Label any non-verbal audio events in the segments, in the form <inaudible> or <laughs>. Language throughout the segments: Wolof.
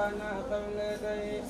كان قبل دين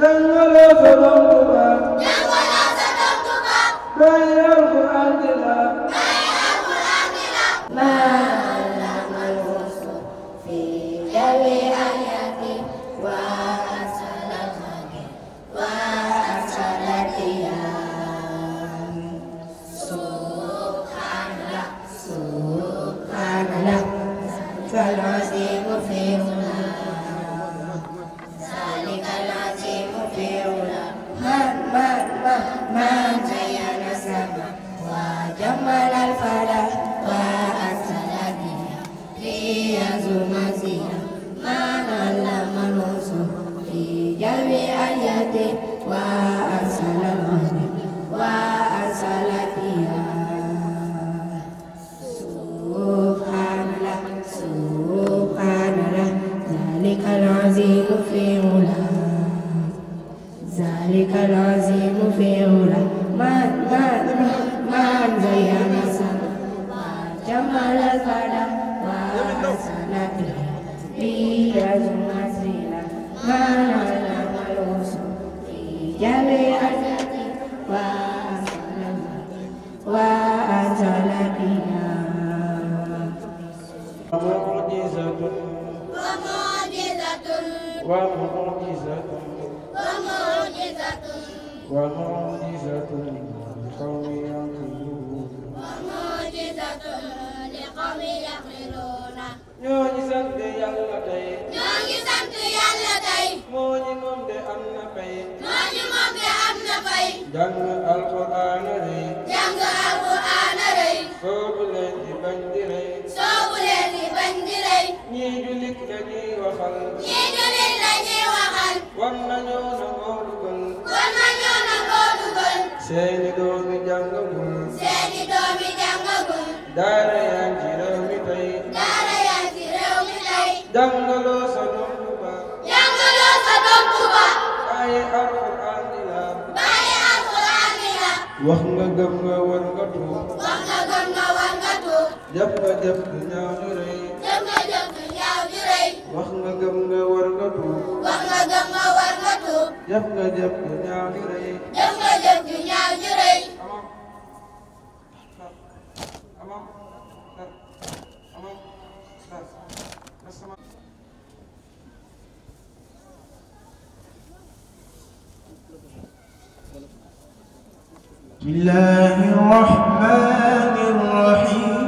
Thank you. seeni doomi jàngagum seeni doomi jàngagum daara yaa ngi réew mi tey daara yaa ngi réew mi tey jàngaloo sa doom bu baax jàngaloo sa doom bu baax bàyyi alxuraan bi la bàyyi alxuraan bi la wax nga gëm nga war tuub nga tuub. wax nga gëm nga war nga tuub. jëf nga jëf ju ñaaw ju rëy. jëf nga jëf ju ñaaw ju rëy. بسم الله الرحمن الرحيم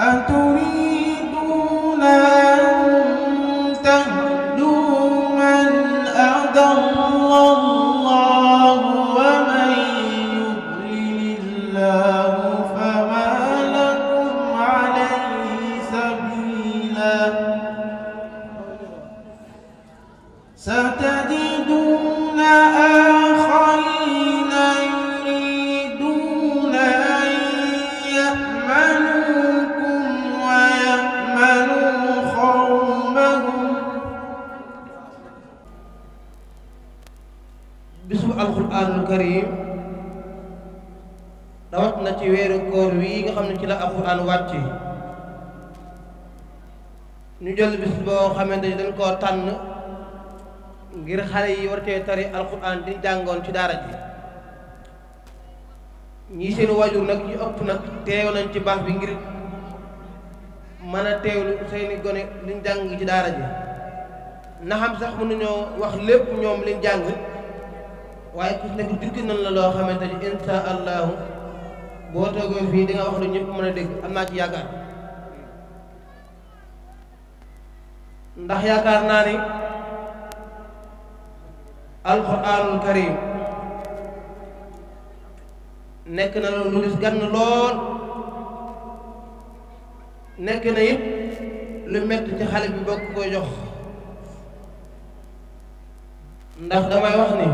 أنتم xamante ni dañ koo tànn ngir xale yi war cee tari di jàngoon ci daara ji ñii seen nag ñu ëpp nañ ci baax bi ngir mën a teewlu gone liñ jàng ci daara ji na xam sax mënuñoo wax lépp ñoom liñ jàng waaye ku nekk jukki nañ la loo xamante ni insha allahu boo toogee fii di wax lu ñëpp mën a dégg am naa ci yaakaar yaakaar naa ni alquranul karim nekk na lu lu gann lool nekk na it lu metti ci xale bi bokk koy jox ndax damay wax ni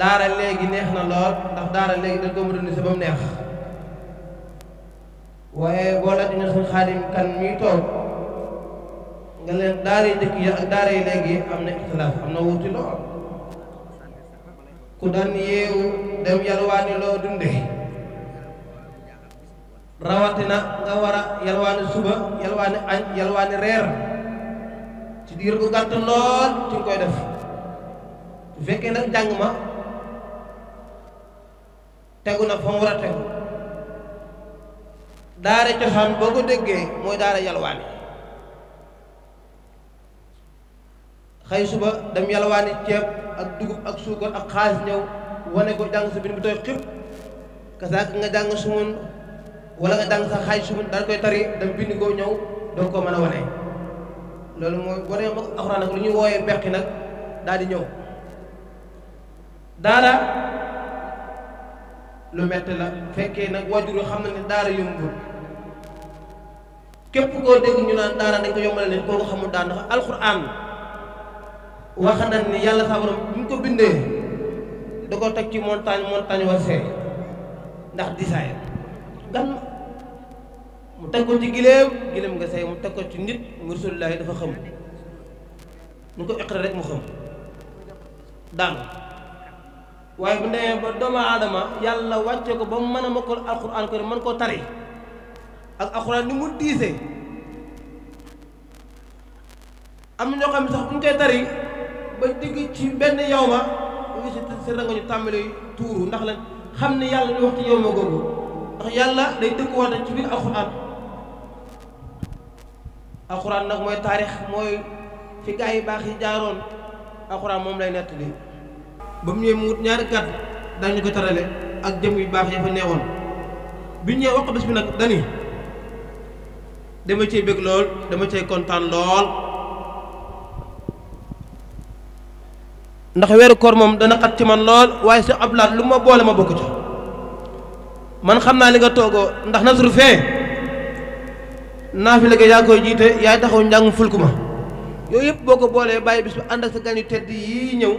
daara léegi neex na lool ndax daara léegi dañ ko moderniser ba mu neex waaye boo laaj ñu suñ xaadim kan muy toog nga leen dëkk ya ak yi léegi am na ixtilaaf am na wuti lool ku daan yeewu dem yalwaani loo dunde rawatina nga war a yalwaani suba yalwaani añ yalwaani reer ci diir gu gàtt lool ci koy def bu nag jàng ma tegu na fa mu war tegu daara cosaan boo ko déggee mooy daara yalwaani xëy suba dem yalwaani ceeb ak dugub ak suukar ak xaalis ñëw wane ko jàng sa bind bu tooy xib kasaak nga jàng sumun wala nga jàng sa xaaj sumun daal koy tari dem bind koo ñëw doo ko mën a wane loolu mooy boo demee ba alxuraan nag lu ñuy wooyee beqi nag daal di ñëw daara lu metti la fekkee nag waajur yi xam na ne daara yombul képp koo dégg ñu naan daara dañ ko yombale leen kooku xamul daan ndax alxuraan wax na ni yàlla sa borom bu ñu ko bindee da ko teg ci montagne montagne wa seey ndax disaay gan mu teg ko ci gileem gileem nga seey mu teg ko ci nit mu rasululaahi dafa xam ñu ko iqra rek mu xam daan waaye bu demee ba doomu aadama yàlla wàcce ko ba mu mën a mokkal alxuraan ko mën koo tari ak alxuraan ni mu diisee am na ñoo xam ne sax bu ñu koy tari ba digg ci benn yow ma mu ngi si rangoñu tàmbali tuuru ndax la xam ne yàlla di wax ci yow googu ndax yàlla day dëkkuwaat ci biir alxuraan alxuraan nag mooy taarix mooy fi gaa baax yi jaaroon alxuraan moom lay nettali ba mu ñëwee mu wut ñaari dañu ko tarale ak jëmm yu baax ya fa neewoon bi ñëwee wax bis bi nag dani dama cay bëgg lool dama cay kontaan lool ndax weeru koor moom dana xat ci man lool waaye sa ablaat lu ma boole ma bokk ci man xam naa li nga toogoo ndax nasru fee naafila ga yaa koy jiite yaay taxaw njàngum fulku ma yooyu yëpp boo ko boolee bàyyi bis bu ànd ak sa gan yu tedd yii ñëw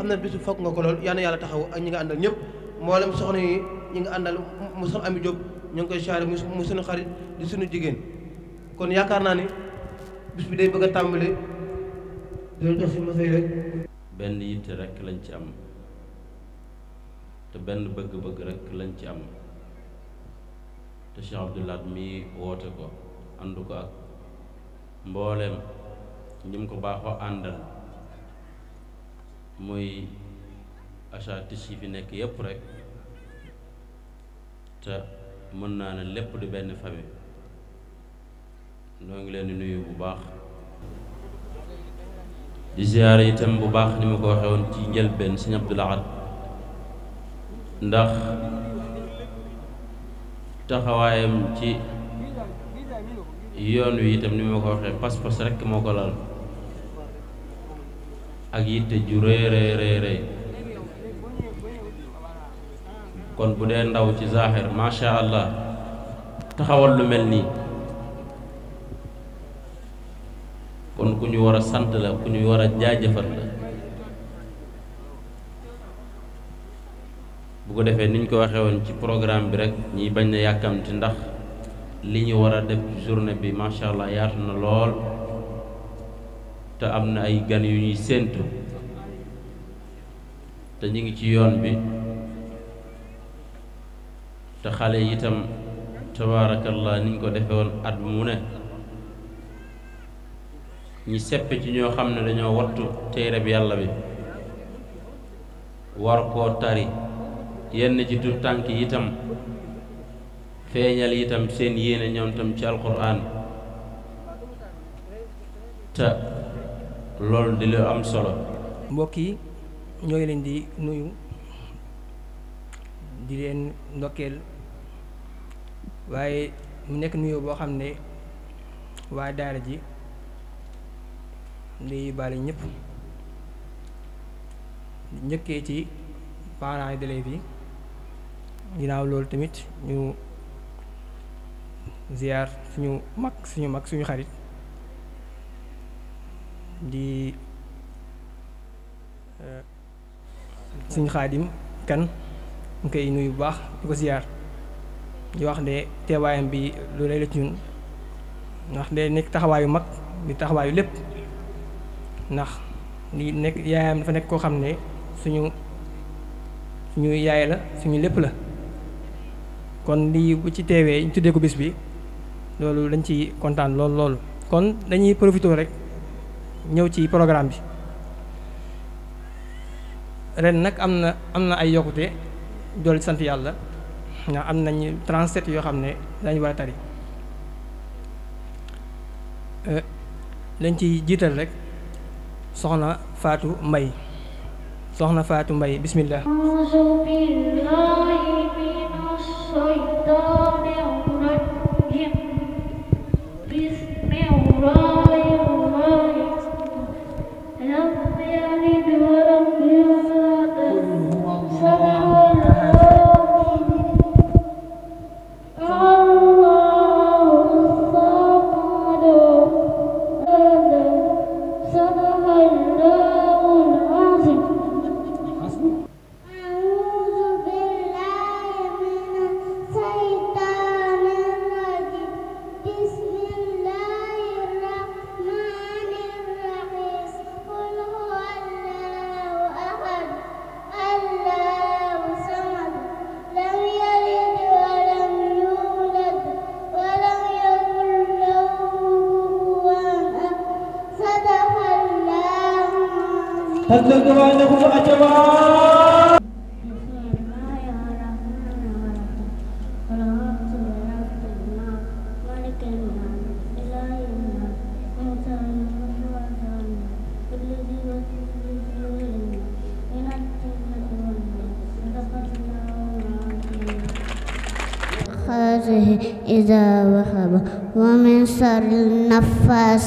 xam na bis bu fokk nga ko lool yal yàlla taxaw ak ñi nga àndal ñëpp mboolem soxna yi ñi nga àndal mu soxna Ami Jóob ñu ngi koy saare mu sunu xarit di sunu jigéen kon yaakaar naa ni bis bi day bëgg a tàmbali dina benn yitte rekk lañ ci am te benn bëgg-bëgg rekk lañ ci am te Cheikh Abdoul mi woote ko ànd ko ak mbooleem ñi mu ko baaxoo àndal muy achatis yi fi nekk yépp rekk te mën naa ne lépp di benn famille noo ngi leen di nuyu bu baax di ziyaare itam bu baax ni ma ko waxee woon ci njëlbeen sëñ Abdou Lahad ndax taxawaayam ci yoon wi itam ni ma ko waxee pas-pas rekk moo ko lal ak yitte ju rëy rëy rëy kon bu dee ndaw ci zaaxir macha allah taxawal lu mel nii kon ku ñu war a sant la ku ñu war a jaajëfal la bu ko defee ni ñu ko waxee woon ci programme bi rek ñiy bañ na yàkkamti ndax li ñu war a def journée bi macha allah yaatu na lool te am na ay gan yu ñuy séentu te ñu ngi ci yoon bi te xale yi itam tabaarakallah ni ñu ko defee woon at mu ne. ñi seppe ci ñoo xam ne dañoo wattu téere bi yàlla bi war koo tari yenn ci tur tànk yi itam feeñal itam seen yéene ñoom itam ci alquran te loolu di lu am solo mbokk yi ñooy leen di nuyu di leen ndokkeel waaye mu nekk nuyoo boo xam ne waa daara ji ndeyu baale ñëpp njëkkee ci parents yi d'élèves yi ginnaaw loolu tamit ñu ziar suñu mag suñu mag suñu xarit di eh, suñu xaadim kan ñu koy nuyu bu baax di ko ziar di wax ne teewaayam bi lu lay la ci ndax day nekk taxawaayu mag di taxawaayu lépp ndax li nekk yaayam dafa nekk koo xam ne suñu suñu yaay la suñu lépp la kon lii bu ci teewee ñu tuddee ko bis bi loolu dañ ci kontaan loolu loolu kon dañuy profité rek ñëw ci programme bi ren nag am na am na ay yokkute dool sant yàlla ndax am nañu 37 yoo xam ne dañu war a tari euh, dañ ci jiital rek soxna Fatou mbay soxna Fatou mbay bismillah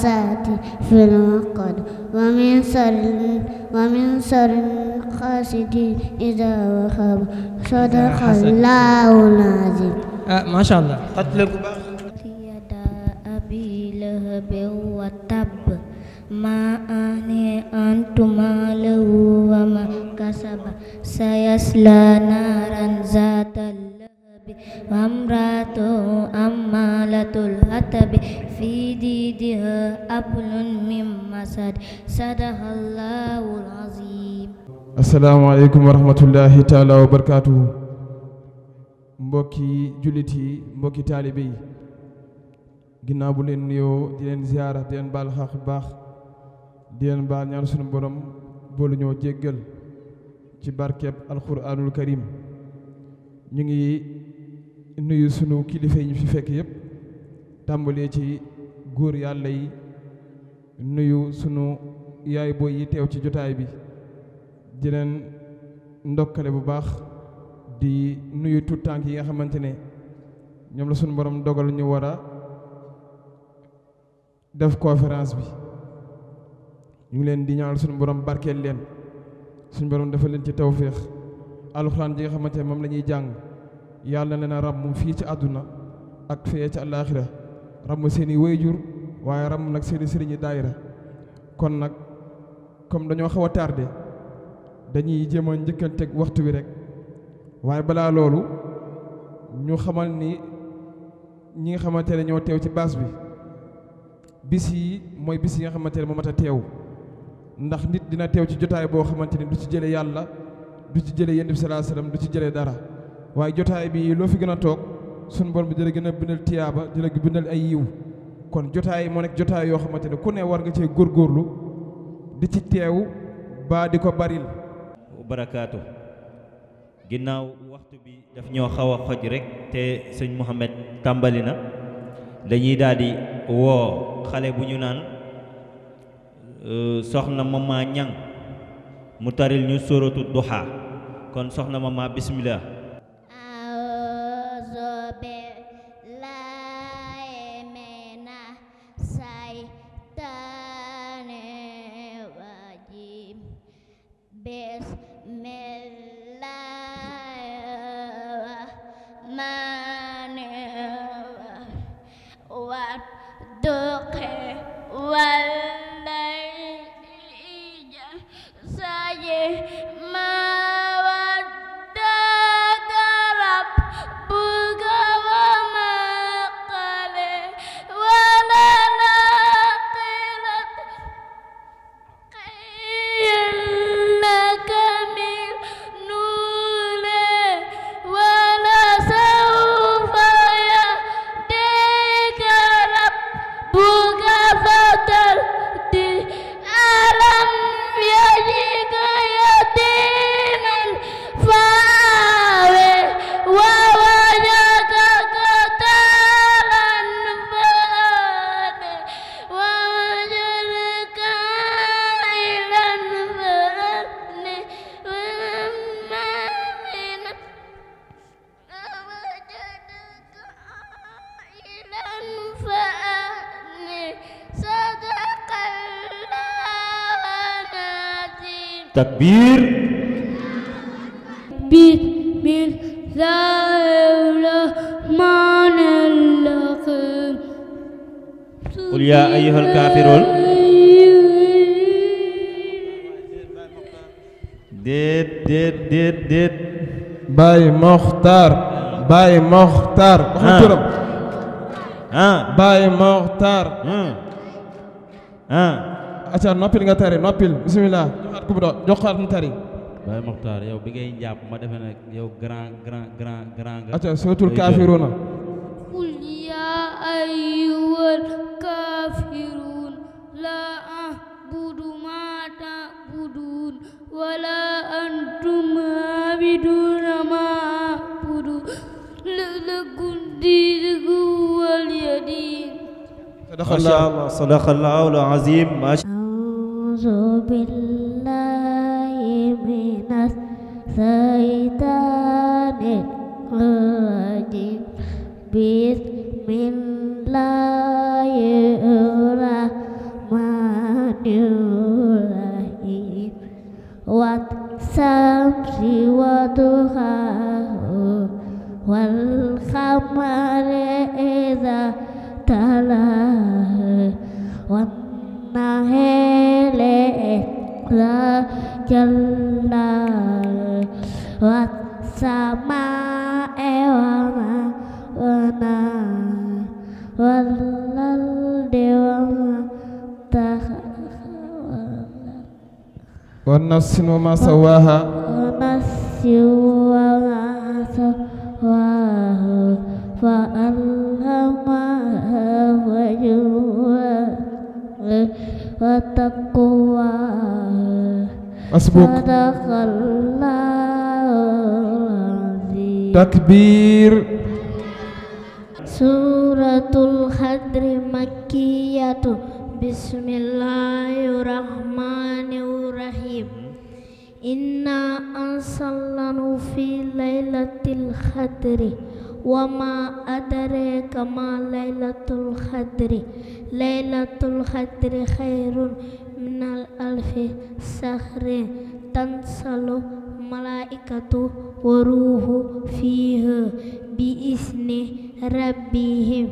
النفاثات في العقد ومن شر ومن شر حاسد إذا وقب صدق الله العظيم ما شاء الله xajla bu baax yada abi lahab wa tab ma ane antu malahu wa ma kasaba sayasla أبل من مسد صدق الله العظيم mbokki jullit yi mbokki taalibe yi ginnaaw bu leen nuyoo di leen ziyaara di leen baal xaq baax di leen baal ñaan sunu borom boolu ñoo jéggal ci barkeeb alxuraanul karim ñu ngi nuyu sunu kilifa yi ñu fi fekk yépp tàmbalee ci góor yàlla yi nuyu sunu yaay booy yi teew ci jotaay bi di leen ndokkale bu baax di nuyu tout tànk yi nga xamante ne ñoom la sunu borom dogal ñu war a def conférence bi ñu ngi leen di ñaanal sunu borom barkeel leen sunu borom dafa leen ci tawféex alxuraan ji nga xamante ne moom lañuy jàng yàlla na leen a ràmm fii ci àdduna ak fee ci àllaaxira ràmm seeni wayjur waaye ram nag seeni sëriñi daayira kon nag comme dañoo xaw a tardé dañuy jéem a njëkkanteeg waxtu wi rek waaye balaa loolu ñu xamal ni ñi nga xamante ne ñoo teew ci baas bi bis yi mooy bis yi nga xamante ne moom mat a teew ndax nit dina teew ci jotaay boo xamante ne du ci jële yàlla du ci jële yonent bi sallallahu du ci jële dara waaye jotaay bi loo fi gën a toog sunu borom bi dina gën a bindal tiyaaba dina bindal ay yiw kon jotaay moo nekk jotaay yoo xamante ne ku ne war nga cee góorgóorlu di ci teew ba di ko baril barakaatu ginnaaw waxtu bi daf ñoo xaw a xoj rek te sëñ Mouhamed tàmbali na dañuy daal woo xale bu ñu naan euh, soxna mama ñang mu taril ñu suratu duha kon soxna mama bismillah Mokhtar Baye Mokhtar. waxal ah. turam. Ah. Baye Mokhtar. Hmm. acca ah. noppil nga tari noppil bisimilah. joxaat ku mu doon joxaat mu tari. Baye Mokhtar yow bi ngay jàpp ma defe ne yow grand grand grand grand. acca sootul kaafiruuna. qul yaa ayyuhal kaafiruun laa a'budu maa ta'buduun wa laa antum aabiduun الصديق واليدين صدق الله صدق الله العظيم أعوذ بالله من الشيطان الرجيم بسم الله الرحمن الرحيم والشمس وضحاها والقمر إذا تلاه والنهار إذا جلاه والسماء وما بناه والأرض وما طحاها والنفس وما سواها والنفس وما سواها فألهمها وجوها وتقواها حسبك صدق الله العظيم تكبير سورة الخدر مكية بسم الله الرحمن الرحيم إنا أنزلناه في ليلة الخدر wama adraka ma laylatul xadri laylatul xadri xayrun minal alfi sahrin tansalu malaikatu wa ruuhu fiiha bi isni rabbihim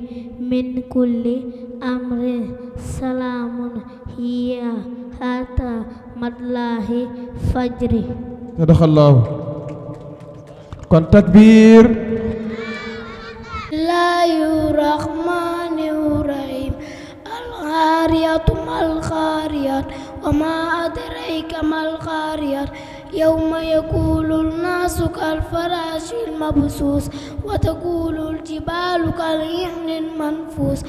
min kulli amrin salaamun hiya hatta madlahi fajri sadaqallahu kon takbir الرحمن الرحيم الغارية ما الغارية وما أدريك ما الغارية يوم يقول الناس كالفراش المبثوث وتقول الجبال كالعهن المنفوس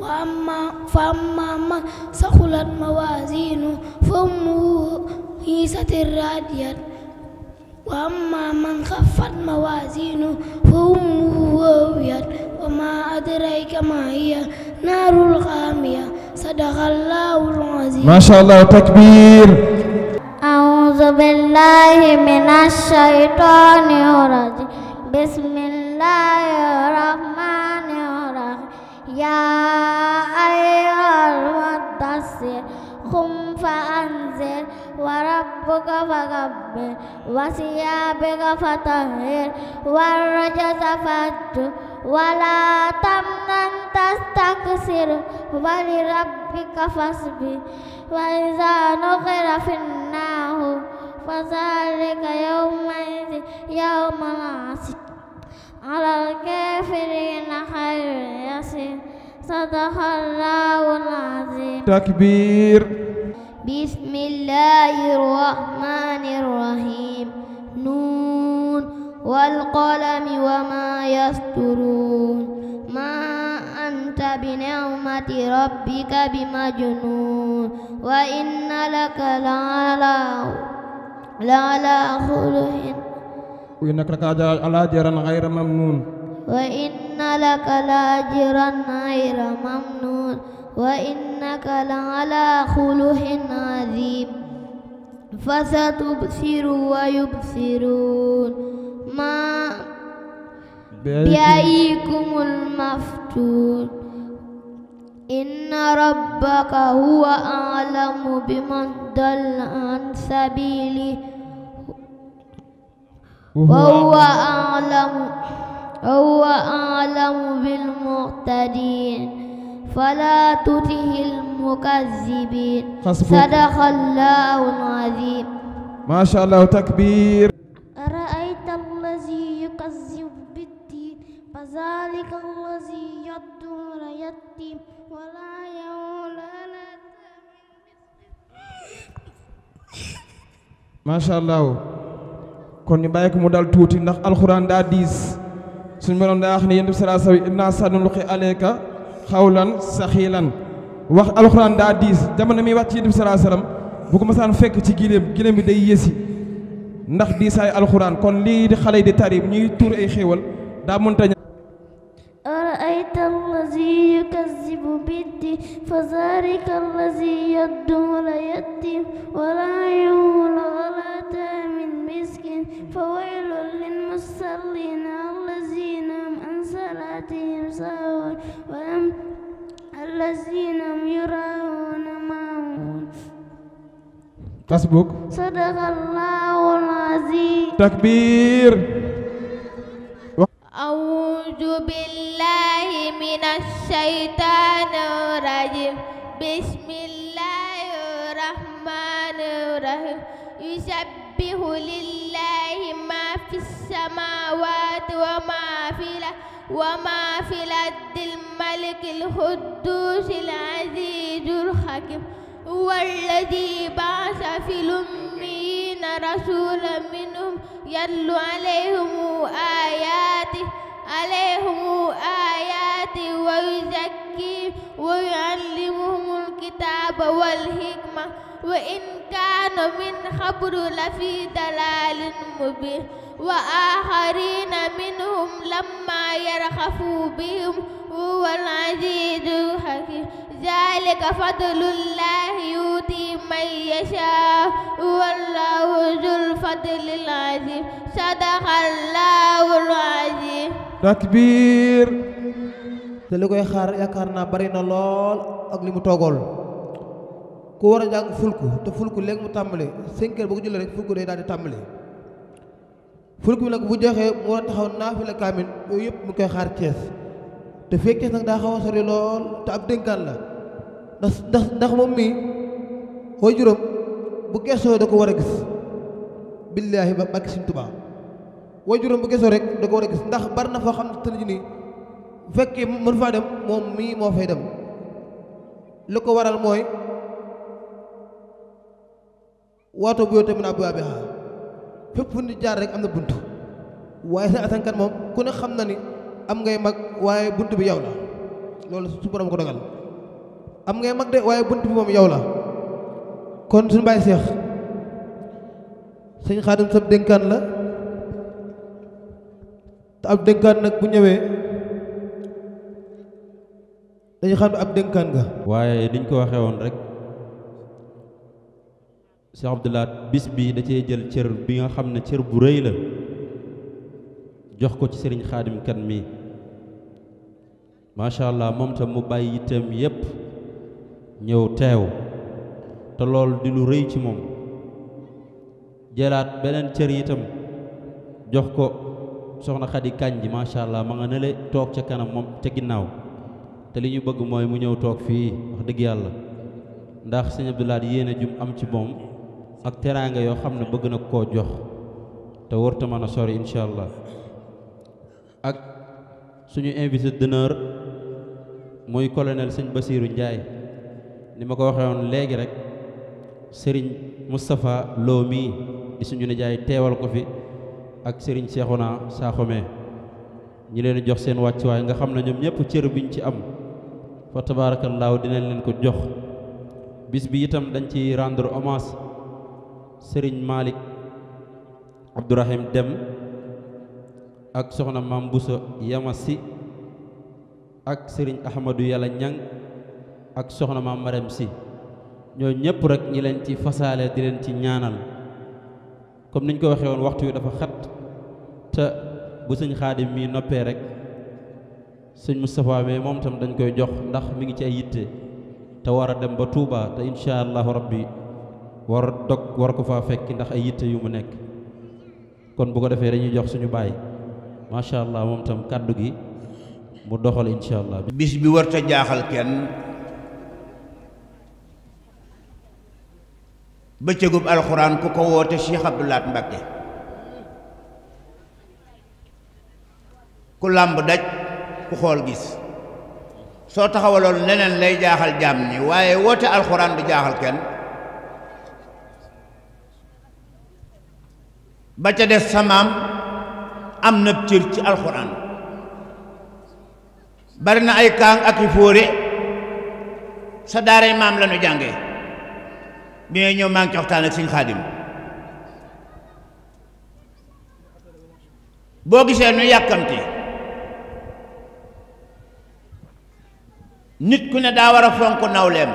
وأما فأما من ثقلت موازينه فأمه هيست الرادية وأما من خفت موازينه فأمه هاوية وما أدريك ما هي نار الحامية صدق الله العظيم ما شاء الله تكبير أعوذ بالله من الشيطان الرجيم بسم الله الرحمن الرحيم يا أيها المدثر قم فأنذر وربك فكبر وثيابك فطهر والرجز فاهجر ولا تمنن تستكثر ولربك فاصبر وإذا نقر في النار فذلك يومئذ يوم عسير على الكافرين خير يسير صدق الله العظيم تكبير بسم الله الرحمن الرحيم نون والقلم وما يسطرون ما أنت بنعمة ربك بمجنون وإن لك لعلى لعلى خلق وإنك لأجرا غير ممنون وإن لك لأجرا غير ممنون وإنك لعلى خلق عظيم فستبصر ويبصرون ما بأيكم المفتون إن ربك هو أعلم بمن ضل عن سبيله وهو أعلم وهو أعلم بالمعتدين فلا تطه المكذبين صدق الله العظيم ما شاء الله تكبير أرأيت الذي يكذب بالدين فذلك الذي يدور يتيم ولا يعول على ما شاء الله kon ñu bàyyi ko mu dal tuuti ndax alxuraan daa diis suñu borom daa wax ne yéen def sala sawi inna sanulqi alayka xawlan saxiilan wax alxuraan daa diis jamono mi wàcc yonent bi salaa salaam bu ko masaan fekk ci gileem gileem bi day yësi ndax diisaay alxuraan kon lii di xale yi di tari ñuy tuur ay xéewal daa mënta أرأيت الذي يكذب بالدين فذلك الذي يدعو اليتيم ولا يؤول ولا تامن مسكين فويل للمصلين الذين هم عن صلاتهم ساهون والذين يراون معون تسبق صدق الله العظيم تكبير أعوذ بالله من الشيطان الرجيم بسم الله الرحمن الرحيم يسبح لله ما في السماوات وما في الأرض وما في الأرض الملك القدوس العزيز الحكيم هو الذي بعث في الأميين رسولا منهم يتلو عليهم آياته عليهم آياته ويزكيهم ويعلمهم الكتاب والحكمة وإن كانوا من قبل لفي ضلال مبين وآخرين منهم لما يرخفوا بهم هو العزيز الحكيم ذلك فضل الله يؤتي من يشاء والله ذو الفضل العظيم صدق الله العظيم takbir te li koy xaar yaakaar naa bari na lool ak li mu toogool ku war a jàng fulku te fulku léegi mu tàmbali cinq heures boo ko jëlee rek fulku day tàmbali fulk bi nag bu joxee mu taxaw naafila kaamil yooyu yëpp mu koy xaar Cees te fekk Cees nag daa xaw a sori lool te ab dénkaan la ndax ndax ndax moom mii way juróom bu geesoo da ko war a gis billaahi ba bàkki Sëñ Tuubaa way juróom bu geesoo rek da ko war a gis ndax bari na foo xam ne tënji nii bu fekkee mën faa dem moom mii moo fay dem lu ko waral mooy waatoo bu yoo tamit naa bu fépp fu ñu jaar rek am na bunt waaye sa asankat moom ku ne xam na ni am ngay mag waaye bunt bi yow la loolu su borom ko dogal am ngay mag de waaye bunt bi moom yow la kon suñu bàyyi seex sëñ xaadim sab dénkaan la te ab dénkaan nag bu ñëwee dañu xam ab dénkaan nga waaye diñ ko waxee woon rek Cheikh Abdoulaat bis bi da cee jël cër bi nga xam ne cër bu rëy la jox ko ci sëriñ xaadim kan mi macha allah moom tam mu bàyyi yitteem yépp ñëw teew te lool di lu rëy ci moom jëlaat beneen cër yitam jox ko soxna xadi kañ ji macha allah ma nga nele toog ca kanam moom ca ginnaaw te li ñu bëgg mooy mu ñëw toog fii wax dëgg yàlla ndax sëñ Abdoulaat yéene jum am ci moom ak teraanga yoo xam ne bëgg na koo jox te warta mën a sori incha allah ak suñu invité d'honneur muy colonel sëñ Basiiru Njaay ni ma ko waxee woon léegi rek sëriñ Moustapha Lo mii di suñu nijaay teewal ko fi ak sëriñ Seexuna Saaxome ñi leen jox seen wàccuwaay nga xam ne ñoom ñëpp cër biñ ci am fa tabaarakallaahu dinañ leen ko jox bis bi itam dañ ci rendre hommage sëriñ Malick Abdourahim Dem ak soxna Maam Buso Yamasi ak sëriñ Ahmadou Yàlla Ñang ak soxna Maam Maram Si ñoo ñëpp rek ñi leen ci fasaale di leen ci ñaanal comme niñ ko waxee woon waxtu wi dafa xat te bu sëñ xaadim mii noppee rek sëñ Moustapha mais moom tam dañ koy jox ndax mi ngi ci ay yitte te war a dem ba Touba te incha rabbi war dog war ko faa fekk ndax ay yitte yu mu nekk kon bu ko defee dañuy jox suñu baay macha allah moom tam kàddu gi mu doxal incha allah. bis bi warta jaaxal kenn bëccëgub alxuraan ku ko woote Cheikh Abdou Lahad Mbacké ku làmb daj ku xool gis soo taxawaloon leneen lay jaaxal jàmm ni waaye woote alxuraan du jaaxal kenn. ba ca des sa maam am na cër ci alxuraan bari na ay kaang ak i fóore sa daaray maam la ñu jàngee bi ngay ñëw maa ngi ci waxtaan boo gisee nu yàkkamti nit ku ne daa war a fonk nawleem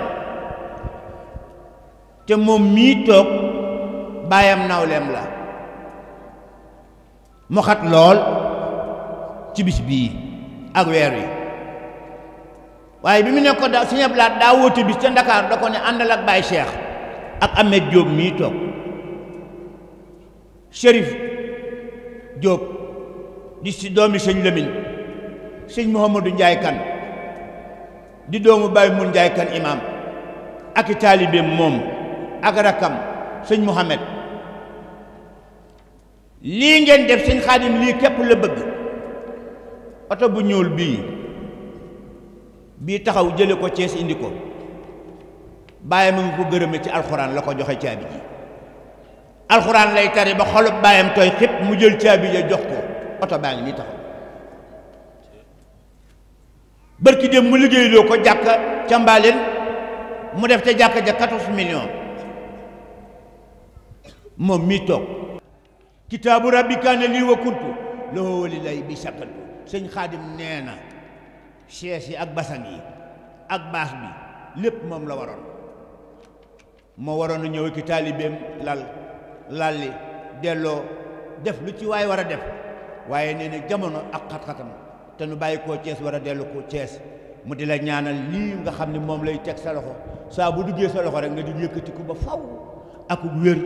te moom mii toog baayam nawleem la mu xat lool ci bis bii ak weer wi waaye bi mu nekk ko da Sëñ Abdu Lahat daa wóote bis ca Ndakaar da ne àndal ak Baye Cheikh ak Ahmed Diop mii toog Chérif Diop di si doomi sëñ Lamine sëñ Mouhamadou Ndiaye kan di doomu Baye mun Ndiaye kan imaam ak i taalibeem moom ak rakkam sëñ Mouhamed lii ngeen def sëñ xaadim lii képp la bëgg oto bu ñuul bii bii taxaw jële ko Cees indi ko bàyyam ngi ko gërëme ci alxuraan la ko joxe caabi ji alxuraan lay tari ba xolub bàyyam tooy xépp mu jël caabi ja jox ko oto baa ngi nii taxaw bërki dem mu liggéeyloo ko jàkk ca mbaaleen mu def ca jàkk ja 14 millions moom mii toog kitaabu rabbi kaane lii wa kuntu loo wali lay bi sakaltu sëñ xaadim nee na chaise yi ak basan yi ak baax bi lépp moom la waroon moo waroon a ñëw ki taalibeem lal lalli delloo def lu ci waay war a def waaye nee na jamono ak xat-xatam te nu bàyyi koo Cees war a dellu ko Cees mu di la ñaanal lii nga xam ne moom lay teg sa loxo saa bu duggee sa loxo rek nga di yëkkati ko ba faw ak wér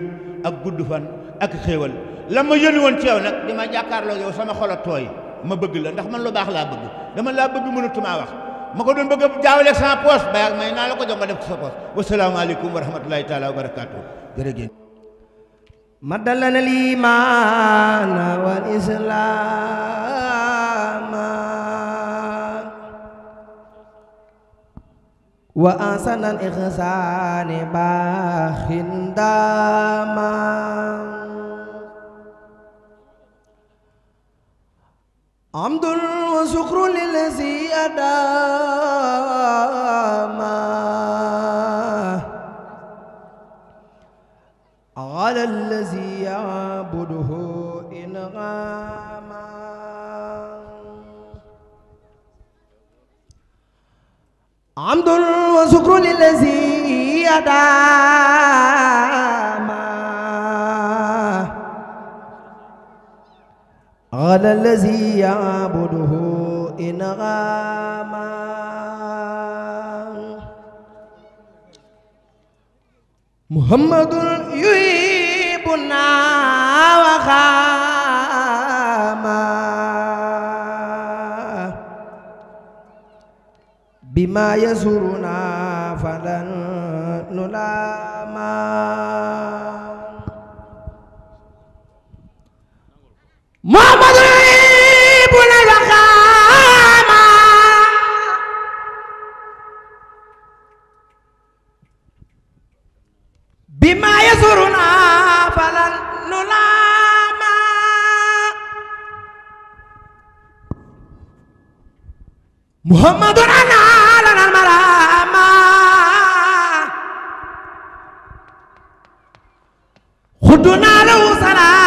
ak gudd fan ak xéewal la ma yónni woon ci yow nag di ma jàkkaarloo yow sama xol a tooy ma bëgg la ndax man lu baax laa bëgg dama laa bëgg mënatumaa wax ma ko doon bëgg a jaawale sama poos bàyyi may naa la ko jox nga def ci sa poos wasalaamaaleykum wa rahmatulahi taala wa barakaatu jërëjëf maddalana limaana wal islaama wa asanan ixsaani baaxindaama amdun wa sukru lillazi adama ala allazi yabuduhu inama amdun wa sukru lillazi adama قال الذي يعبده إنغاما محمد يهيبنا وخاما بما يزورنا فلن نلاما محمد ينصرنا فلن نلام محمد أنا لنا المرام خدنا له سلام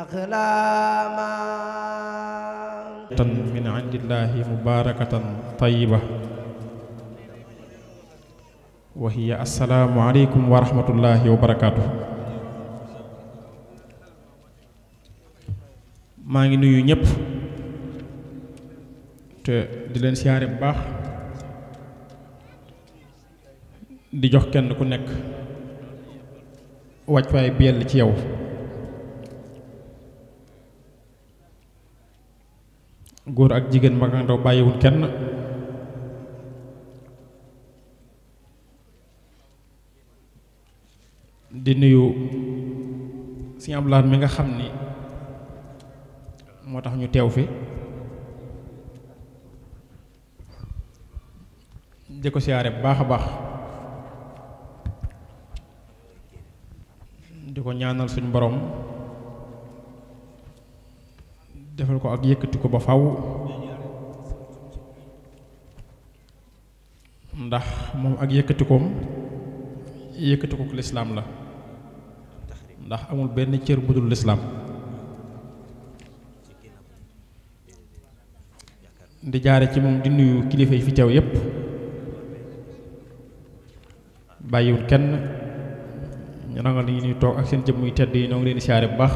أقلاما من عند الله مباركة طيبة وهي maa ngi nuyu ñépp te di leen siyaare bu baax di jox kenn ku nekk wàccuwaay bi yell ci yow góor ak jigéen mag bàyyiwul kenn di nuyu Sëñ Abdou mi nga xam ni moo tax ñu teew fi di ko siyaare bu baax a baax di ko ñaanal suñu borom defal ko ak yëkkati ko ba faw ndax moom ak yëkkatikoom yëkkatiko ko lislaam la ndax amul benn cër budul lislaam di jaare ci moom di nuyu kilifa yi fi teew yépp bàyyiwul kenn ñu nangal ni ñuy toog ak seen jëm muy tedd yi ñoo ngi leen di saare bu baax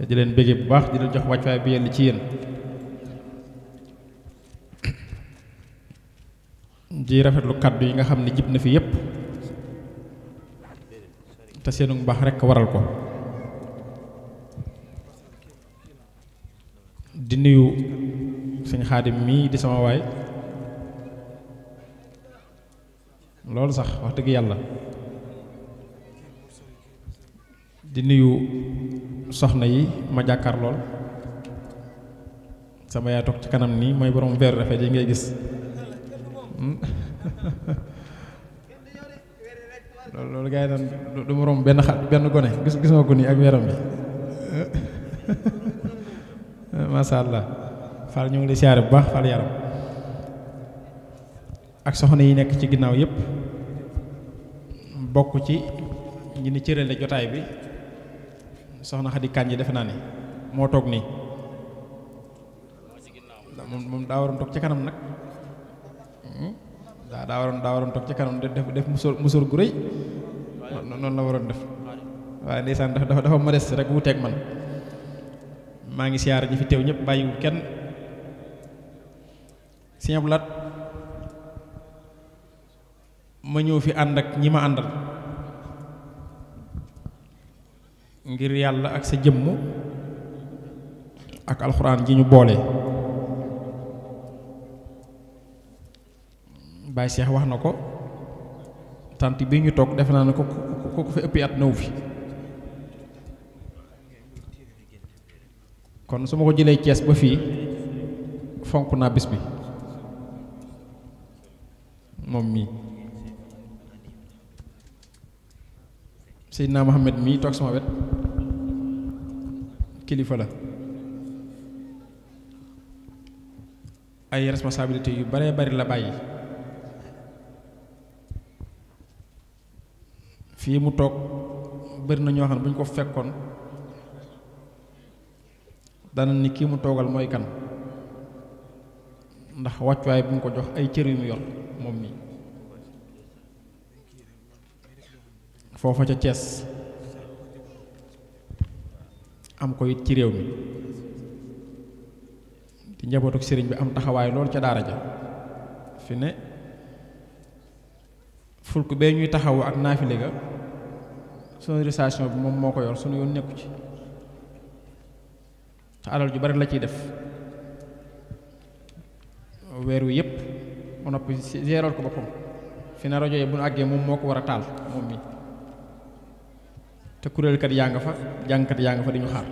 te di leen béggee bu baax di leen jox wàccuwaay bi yenn ci yéen di rafetlu kàddu yi nga xam ne jib na fi yépp te seenu mbaax rekk waral ko di nuyu sëñ xaadim mii di sama waay loolu sax wax dëgg yàlla di nuyu soxna yi ma jàkkaar lool sama yaay toog ci kanam nii mooy borom weer rafet yi ngay gis hmm? <laughs> loolu loolu gars yi naan benn xat benn gone gis gis nga ko nii ak weeram bi <laughs> masha Allah Fall ñu ngi lay siyaare bu baax Fall yaram ak soxna yi nekk ci ginnaaw yépp bokk ci ñi ni cërale jotaay bi soxna Xadi Kànji defe naa ni moo toog nii moom moom daa waroon toog ci kanam nag hmm? daa daa waroon daa waroon toog ci kanam def def musóor musóor gu rëy noonu la waroon def waaye ndeysaan dafa dafa modeste rek wuuteeg man maa ngi siyaar ñi fi teew ñëpp bàyyiwul kenn siñeblaat ma ñëw fi ànd ak ñi ma àndal ngir yàlla ak sa jëmm ak alxuraan ji ñu boole Baye Cheikh wax na ko tant bi ñu toog defe naa ne ko ko ko fi ëppi at nëw fi kon su ma ko jëlee Cees ba fii fonk naa bis bi moom mii Seydina Mohamed mii toog sama wet kilifa la ay responsabilité yu baree bari la bàyyi fii mu toog bari na ñoo xam ne bu ñu ko fekkoon dana ni kii mu toogal mooy kan ndax wàccuwaay bu mu ko jox ay cër yu mu yor moom mii foofa ca Cees am ko it ci réew mi di njabootuk sëriñ bi am taxawaay loolu ca daara ja fi ne fulk bee ñuy taxawu ak naafile ga sonorisation bi moom moo ko yor sunu yoon nekku ci te alal ju bari la ciy def weer wi yëpp ba noppi géral ko boppam fi ne rajo yi bu nu àggee moom moo ko war a taal moom mi te kuréelkat yaa nga fa jàngkat yaa nga fa di ñu xaar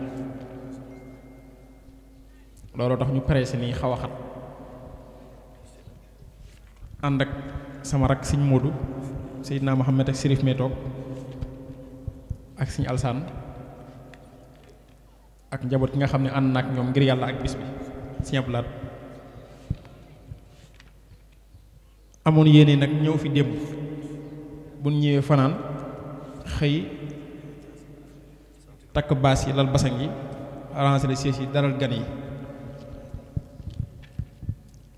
looloo tax ñu pressé nii xaw a xat ànd ak sama rak siñ Modou Seydina Mohamed ak Sérif mee toog ak siñ Alsaan ak njaboot ki nga xam ne ànd na ak ñoom ngir yàlla ak bis bi siñ Ablaat amoon yéene nag ñëw fi démb bu ñëwee fanaan xëy takk baas yi lal basang yi arrangé les sièges yi daral gan yi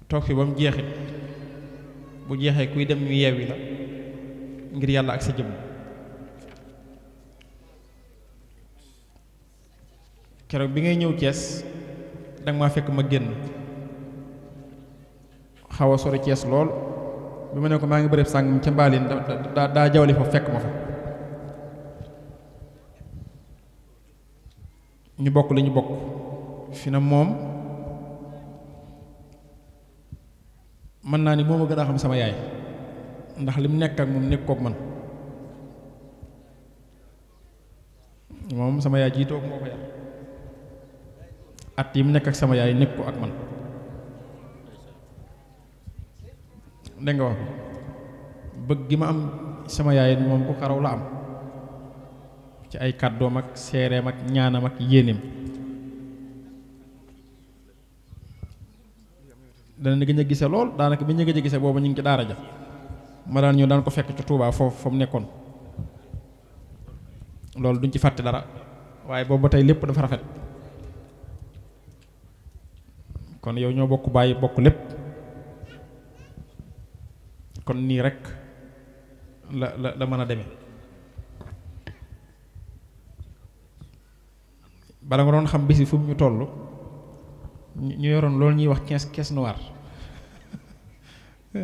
toog fi ba mu jeexit bu jeexee kuy dem ñu yeewi la ngir yàlla ak sa jëm keroog bi ngay ñëw Cees danga ma fekk ma génn xaw a sori Cees lool bi ma ne ko maa ngi bërëb sàng ca mbaalin daa daa jawli fa fekk ma fa ñu bokk lañu bokk fi na moom mën naa ni moom a gën a xam sama yaay ndax li mu nekk ak moom nekk kook man moom sama yaay jiitoog moo ko yar at yi mu nekk ak sama yaay nekk ko ak man dégg nga wax ko bëgg gi ma am sama yaay moom ku xaraw la am ci ay kàddoom ak seereem ak ñaanam ak yéeneem dana gëj a gise lool daanaka bi ñu ngi a gise boobu ñu ngi ci daara ja ma daan ñëw daan ko fekk ci Touba foofu fa mu nekkoon loolu duñ ci fàtte dara waaye boobu ba tey lépp dafa rafet kon yow ñoo bokk bàyyi bokk lépp kon nii rekk la la mën a deme bala nga doon xam bisi fu mu ñu toll ñu yoroon loolu ñuy wax caisse caisse noire <laughs>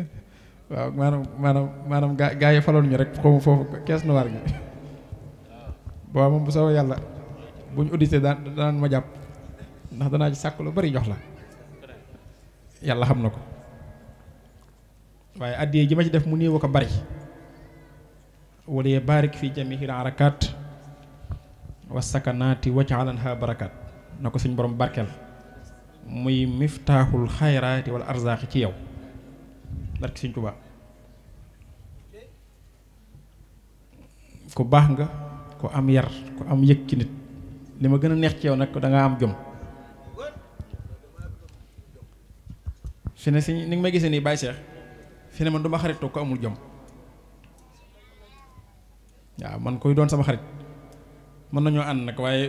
waaw maanaam maanaam maanaam gaa gaa yi faloon ñu rek xamu foofu caisse noire gi <laughs> waaw moom bu soobee yàlla bu ñu audité daan daan ma jàpp ndax danaa ci sàkk lu bari jox la yàlla xam na ko waaye àddiyee ji ma ci def mu néew ko bari wala yee baarik fii jami'il harakat wa sakanaati wajaalanha barakat na ko suñ borom barkeel muy miftaaxul xayraati wala arzaqi ci yow barki suñ Tuubaa ku baax nga ku am yar ku am yëg ci nit li ma gën a neex ci yow nag ko danga am jom fi ne si ni may gisee nii Baye Cheikh fi ne man du ma xaritoo ko amul jom waaw man koy doon sama xarit mën nañoo ànd nag waaye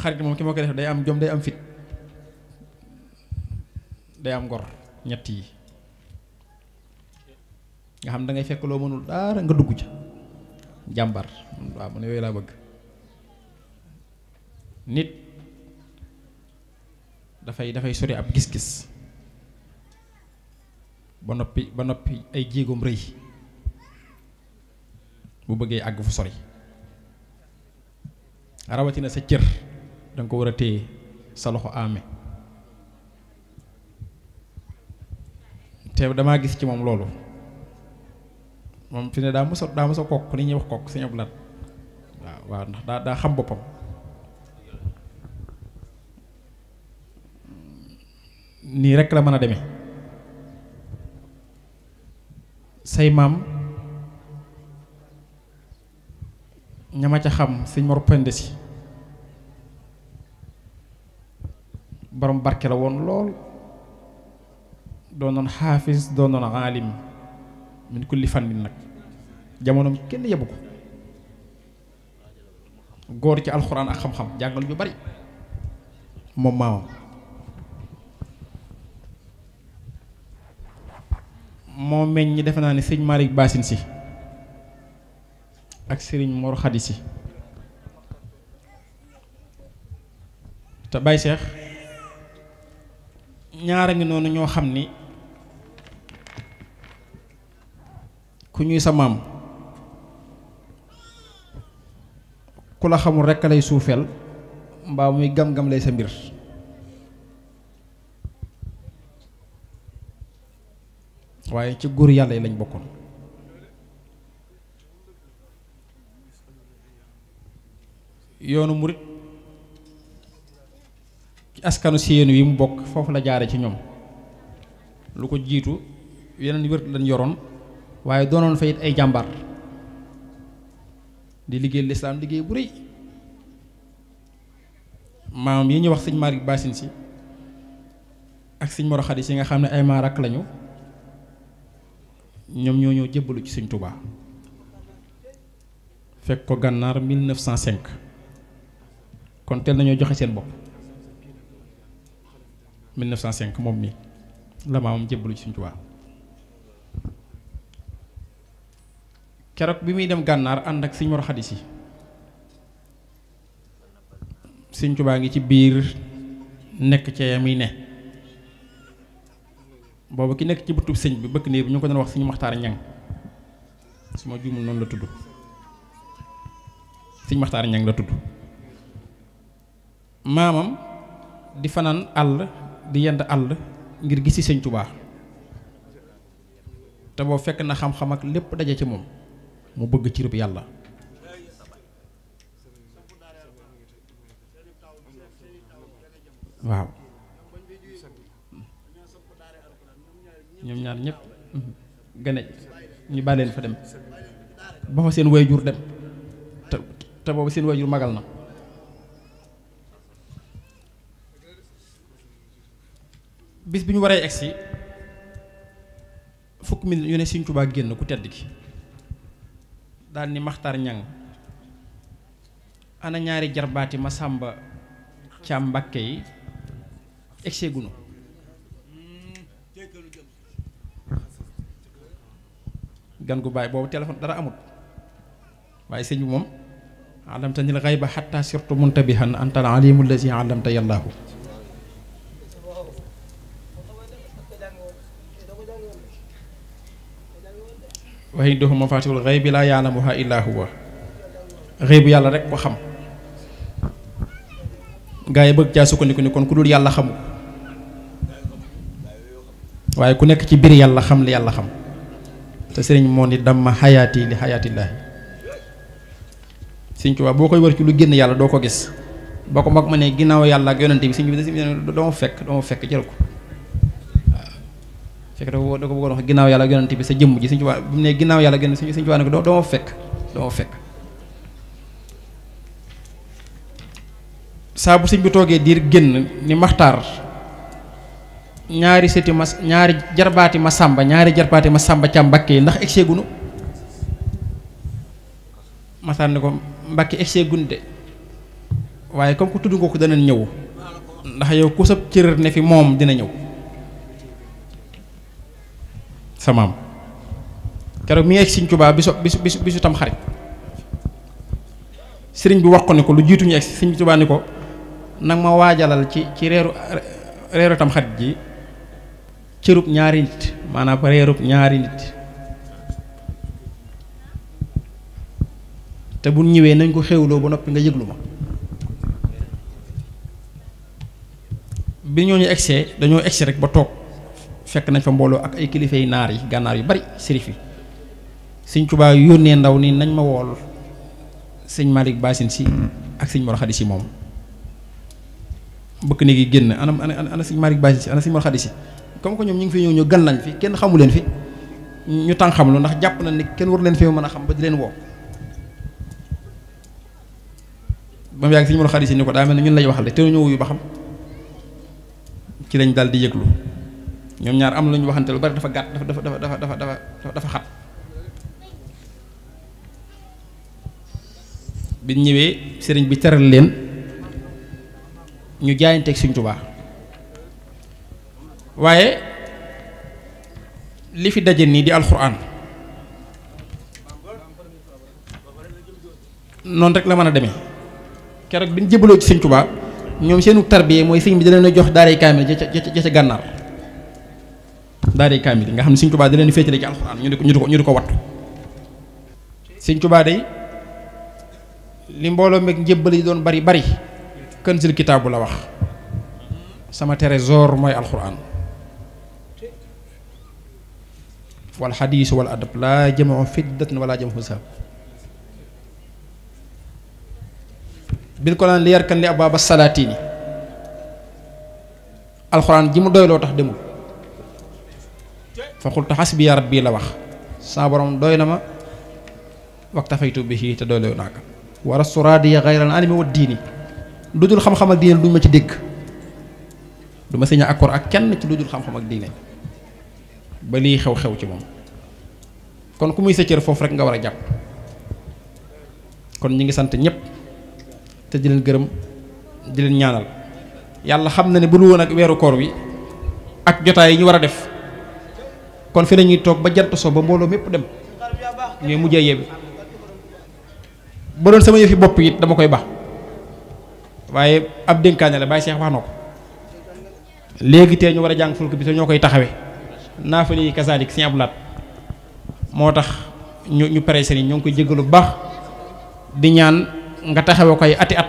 xarit moom ki ma koy def day am jom day am fit day am ngor ñett yi nga xam ne dangay fekk loo mënul dara nga dugg ca jàmbar waaw man yooyu laa bëgg nit dafay dafay sori ab gis-gis ba noppi ba noppi ay jéegoom rëy bu bëggee àgg fu sori rawatina sa cër danga ko war a téye sa loxo aame te damaa gis ci moom loolu moom fi ne daa mos a daa mos a kokk ni ñuy wax kokk sëñ Abdoulaye waaw waaw ndax daa daa xam boppam nii rekk la mën a deme say maam ñama ma ca xam sëñ Mor Pende si borom barke la woon lool doonoon xaafis doon doonoon aalim min kulli fànnin nag jamonoom kenn yebu ko góor ci alxuraan ak xam-xam jàngal ñu bari moom maamam moo meññ defe naa ne sëñ Malick Bassine si ak Serigne Mor Khady Sy te Baye Cheikh ñaara ngi noonu ñoo xam ni ku ñuy sa maam ku la xamul rekk lay suufeel mbaa muy gam-gam lay sa mbir waaye ci góor yàlla yi lañ bokkoon yoonu murit ci askanu Seen wi mu bokk foofu la jaare ci ñoom lu ko jiitu yeneen wér lañ yoroon waaye doonoon fa ay jàmbar di liggéey lislaam liggéey bu rëy maam yi ñuy wax sëñ Malick Bassine si ak sëñ Mor si nga xam ne ay maarak lañu ñoom ñoo ñëw jébbalu ci sëñ Touba fekk ko gànnaar 1905 kon teel nañoo joxe seen bopp 1905 moom mi la maamam jébbalu ci Sëriñ Tuubaa keroog bi muy dem gànnaar ànd ak Sëriñ Mor yi Si Sëriñ Tuubaa ngi ci biir nekk ca yam ne boobu ki nekk ci bëtub sëñ bi bëkk néeg bi ñu ko doon wax Sëriñ Maxtaar Ñaŋ su ma juumul noonu la tudd Sëriñ Maxtaar Ñaŋ la tudd maamam di fanaan àll di yend àll ngir gis ci Tuubaa te boo fekk na xam-xam ak lépp daje ci moom mu bëgg ci rëbb yàlla waaw ñoom ñaar ñëpp mhm, gane ñu bàyyi leen fa dem ba fa seen wayjur dem te te boobu seen wayjur magal na bis bi ñu waree egsi fukk minutes yu ne Sëñ Tuubaa génn ku tedd ki daal ni Maxtaar Ñang ana ñaari jarbaati Masàmba Caam Mbàkke yi egsee gunu gan gu bàyyi boobu téléphone dara amut waaye sëñ bi moom alamta nil xayba xatta sirtu muntabihan antal alimul lazi alamta yallaahu wa indahu mafatihul bi laa ya'lamuha illa huwa ghaybu yàlla rek ko xam gaa yi bëgg caa sukkandiku ni kon ku dul yàlla xamu waaye ku nekk ci biir yàlla xam li yàlla xam te sëriñ moo ni damma xayaati li xayaatillaahi sëriñ Tuubaa boo koy wër ci lu génn yàlla doo ko gis boo ko mag ma ne ginnaaw yàlla ak yonante bi sëriñ bi dama fekk dama fekk jël ko fekk da ko da ko bëggoon wax ginnaaw yàlla yonent bi sa jëmm ji suñu ci waa bu mu ne ginnaaw yàlla gën suñu ci waa ne ko doo ma fekk doo ma fekk saa bu sëñ bi toogee diir génn ni maxtaar ñaari sëti ma ñaari jarbaati ma sàmba ñaari jarbaati ma sàmba ca mbàkke yi ndax egsee gunu maxtaar ni ko mbàkke egsee gun de waaye comme ku tudd nga ko dana ñëw ndax yow ku sab cër ne fi moom dina ñëw sa maam keroog mi ngi egg Sëriñ Tuubaa bisu bisu bisu tam xarit sëriñ bi wax ko ne ko lu jiitu ñu egg Sëriñ Tuubaa ni ko nag ma waajalal ci ci reeru reeru tam xarit ji cërub ñaari nit maanaam reerub ñaari nit te bu ñëwee nañ ko xéwloo ba noppi nga yëglu ma bi ñoo ñu egsee dañoo egsi rek ba toog. fekk nañ fa mbooloo ak ay kilifa yu naar yi gànnaar yu bari sirif yi sëñ Tuubaa yónnee ndaw ni nañ ma wool sëñ Malick Bassine si ak sëñ Mor Xadi si moom bëkk néegi génn ana ana sëñ Malick Bassine si ana sëñ Mor Xadi si comme que ñoom ñu ngi fi ñëw ñu gan nañ fi kenn xamu leen fi ñu tan xam lu ndax jàpp na ni kenn war leen fi mën a xam ba di leen woo ba mu yàgg sëñ Mor Xadi si ni ko daa mel ne ñun lay waxal te ñu wuyu ba xam ci lañ daal di yëglu ñoom ñaar am lu ñu waxante lu bari dafa gàtt dafa dafa dafa dafa dafa xat bi ñëwee sëriñ bi teral leen ñu jaayanteeg Sëriñ Tuubaa waaye li fi daje nii di alxuraan noonu rek la mën a demee keroog bi ñu jëbaloo ci Sëriñ ñoom seenu tarbiyee mooy sëriñ bi da leen jox daaray kaamil ja ca ja ca gànnaar daaree kaamil nga xam ne Sëñ Tuubaa da leen féetale ci alxuraan ñu di ko ñu di ko wattu Sëñ Tuubaa day li mbooloo meeg njëbbal yi doon bari bari kanzul kitaabu la wax sama trésor mooy alxuraan wal xadiis wal adab laa jamoo fiddatan wala jamoo saab bil ko naan alxuraan ji mu doyloo tax demul fa xultu xasbiya bii la wax saa borom doy na ma waktafaytu bihi te doy la naa ko wa rastu raadiya xayral anami wa diini lu dul xam-xamal ma ci dégg du ma signé ak kenn lu dul xam-xam ak diine ba lii xew-xew ci moom kon ku muy sa foofu rek nga war a jàpp kon ñu ngi sant ñépp te di leen gërëm di leen ñaanal yàlla xam na ne bu woon ak weeru koor wi ak jotaay yi ñu war a def kon fi lañuy toog ba jant so ba mbooloo mépp dem ñooy mujjee yebbi ba doon sama yëfi bopp it dama koy baax waaye ab dénkaane la Baye Cheikh wax na ko léegi tee ñu war a jàng fulk bi te ñoo koy taxawe naafale yi kasaalik si laat moo tax ñu ñu pare sëriñ ñoo ngi koy jéggalu bu baax di ñaan nga taxawe koy ati at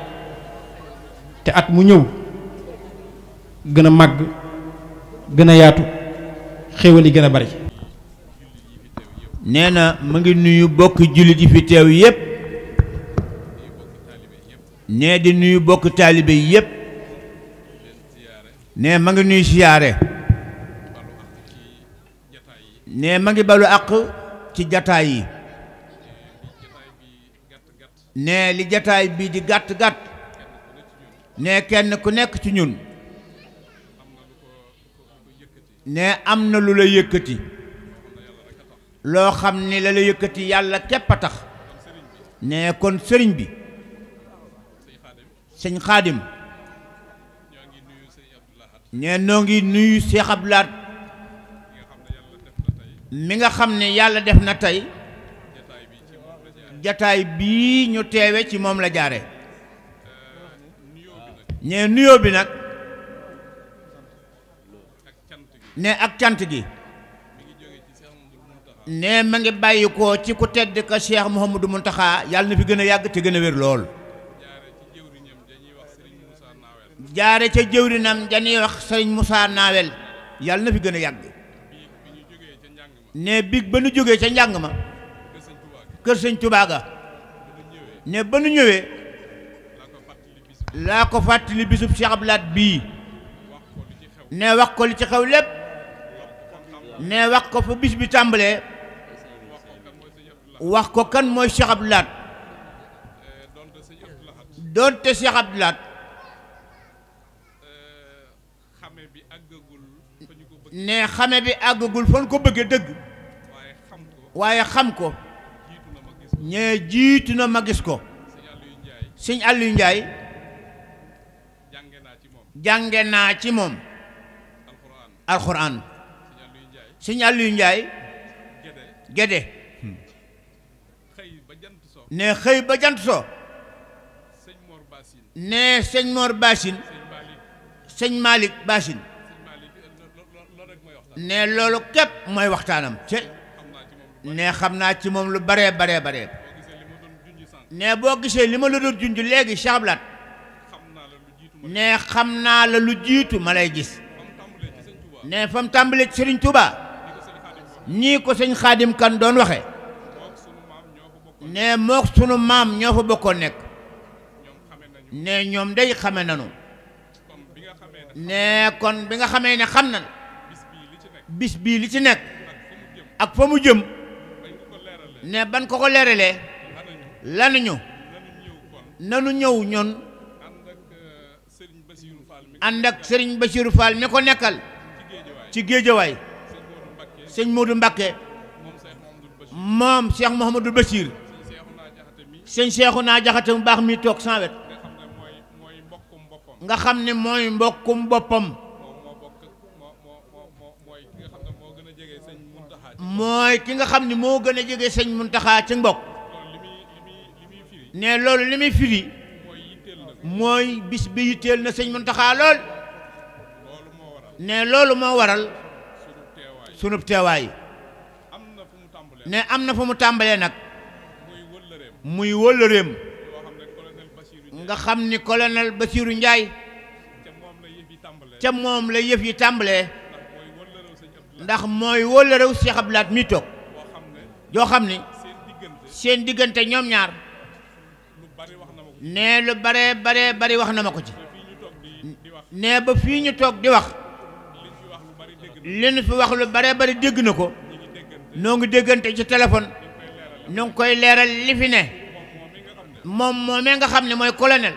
te at mu ñëw gën a mag gën a yaatu xéewal yi gën a bari nee na mu ngi nuyu bokki jullit yi fi teew yépp nee di nuyu bokki taalibe yi yépp nee ma ngi nuyu siyaare nee ma ngi balu àq ci jataay yi nee li jataay bii di gàtt-gàtt nee kenn ku nekk ci ñun ne am na lu la yëkkati loo xam ne la la yëkkati yàlla képp a tax ne kon sëriñ bi sëñ xaadim ne noo ngi nuyu Seex Abdu mi nga xam ne yàlla def na tey jataay bii ñu teewe ci moom la jaare ne nuyoo bi nag ne ak cant gi ne ma ngi bàyyi ko ci ku tedd ka Cheikh Mouhamadou Mountakha yàlla na fi gën a yàgg te gën a wér lool jaare ca jëwrinam dañuy wax sëriñ Moussa Nawel yàlla na fi gën a yàgg ne biig ba nu jógee ca njàng ma kër sëñ Tuubaa ne ba nu ñëwee laa ko fàttali bisub Cheikh Abdou Lahad bii ne wax ko li ci xew lépp ne wax ko fu bis bi tàmbalee wax ko kan mooy Cheikh Abdou Lahad doonte Cheikh Abdou Lahad ne xame bi àggagul fan ko bëggee dëgg waaye xam ko ñee jiitu na ma gis ko sëñ Aliou Ndiaye jànge naa ci moom alxuraan sëñ Aliou Ndiaye Gédé ne xëy ba jant soo ne sëñ Mor Bassine sëñ Malick Bassine ne loolu képp mooy waxtaanam ci ne xam naa ci moom lu baree baree baree ne boo gisee li ma la doon junj léegi chablat ne xam naa la lu jiitu ma lay gis ne fa mu tàmbalee ci nii ko sëñ xaadim kan doon waxe ne mook sunu maam ñoo fa bokkoon nekk ne ñoom day xame nanu ne kon bi nga xamee ne xam nan bis bii li ci nekk ak fa mu jëm ne ban ko ko leeralee lanu ñu nanu ñëw ñun ànd ak sëriñ Basiiru Faal mi ko nekkal ci géejawaay sëñ Modou Mbakke moom Cheikh Mouhamadou Bachir sëñ Cheikhouna Jaxate mu baax mi toog sans nga xam ne mooy mbokkum boppam mooy ki nga xam ni moo gën a jege sëñ Muntaxa ci mbokk ne loolu li muy firi mooy bis bi yitteel na sëñ Muntaxa lool ne loolu moo waral sunub teewaay ne am na fu mu tàmbalee nag muy wëllëreem nga xam ni colonel Bassirou Ndiaye ca moom la yëf yi tàmbalee ndax mooy wëllërew Cheikh Abdou Lahad toog joo xam ni seen diggante ñoom ñaar ne lu bare bare bari wax na ma ko ci ne ba fii ñu toog di wax li nu fi wax lu bare bari dégg na ko noo ngi déggante ci téléphone nu ngi koy leeral li fi ne moom moomee nga xam ne mooy colonel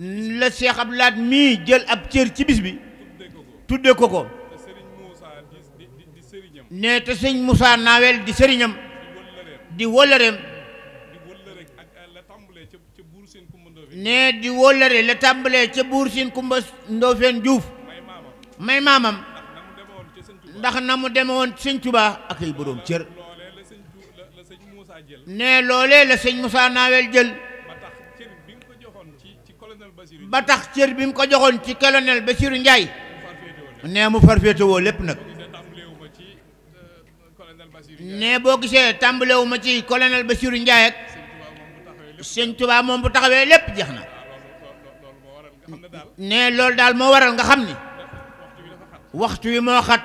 la Cheikh Abdou Lahad mii jël ab cër ci bis bi tudde ko ko ne te sëñ Moussa Nawel di sëriñam di wóllareem ne di wóllare la tàmbalee ca buur Sine Kumba Ndofeen Diouf may maamam ndax na mu deme woon sëñ Tuba ak ay boroom cër ne loolee la sëñ Moussa Nawel jël ba tax cër bi mu ko joxoon ci colonel Bassirou Ndiaye ne mu farfeete woo lépp nag ne boo gisee tàmbalewu ma ci colonel Bassirou Ndiaye ak sëñ moom bu taxawee lépp jeex na ne loolu daal moo waral nga xam ni waxtu wi moo xat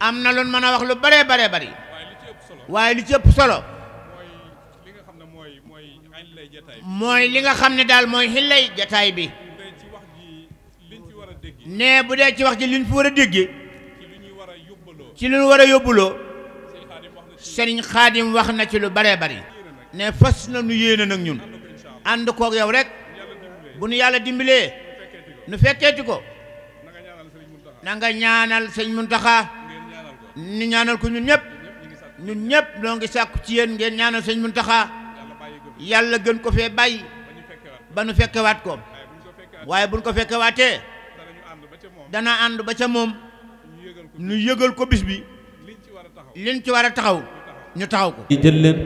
am na lu mën a wax lu bare bare bari waaye li ci ëpp solo mooy li nga xam ne daal mooy lay jataay bi ne bu dee ci wax ji liñ fi war a déggee ci lu ñu war a yóbbuloo sëriñ xaadim wax na ci lu bare bari ne fas na nu yéene nag ñun ànd koog yow rek bu nu yàlla dimbalee nu fekkeeti ko na nga ñaanal sëñ Muntaxa ñu ñaanal ko ñun ñëpp ñun ñëpp noo ngi sàkku ci yéen ngeen ñaanal sëñ Muntaxa yàlla gën ko fee bàyyi ba nu fekkewaat ko waaye buñ ko fekkewaatee dana ànd ba ca moom nu yëgal ko bis bi liñ ci war a taxaw ñu taxaw ko jël leen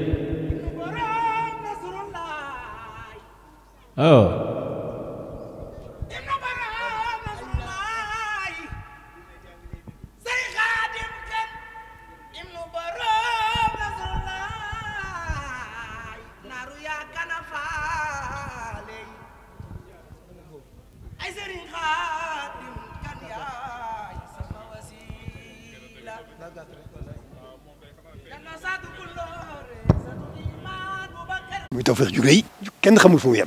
xamul fu mu yem.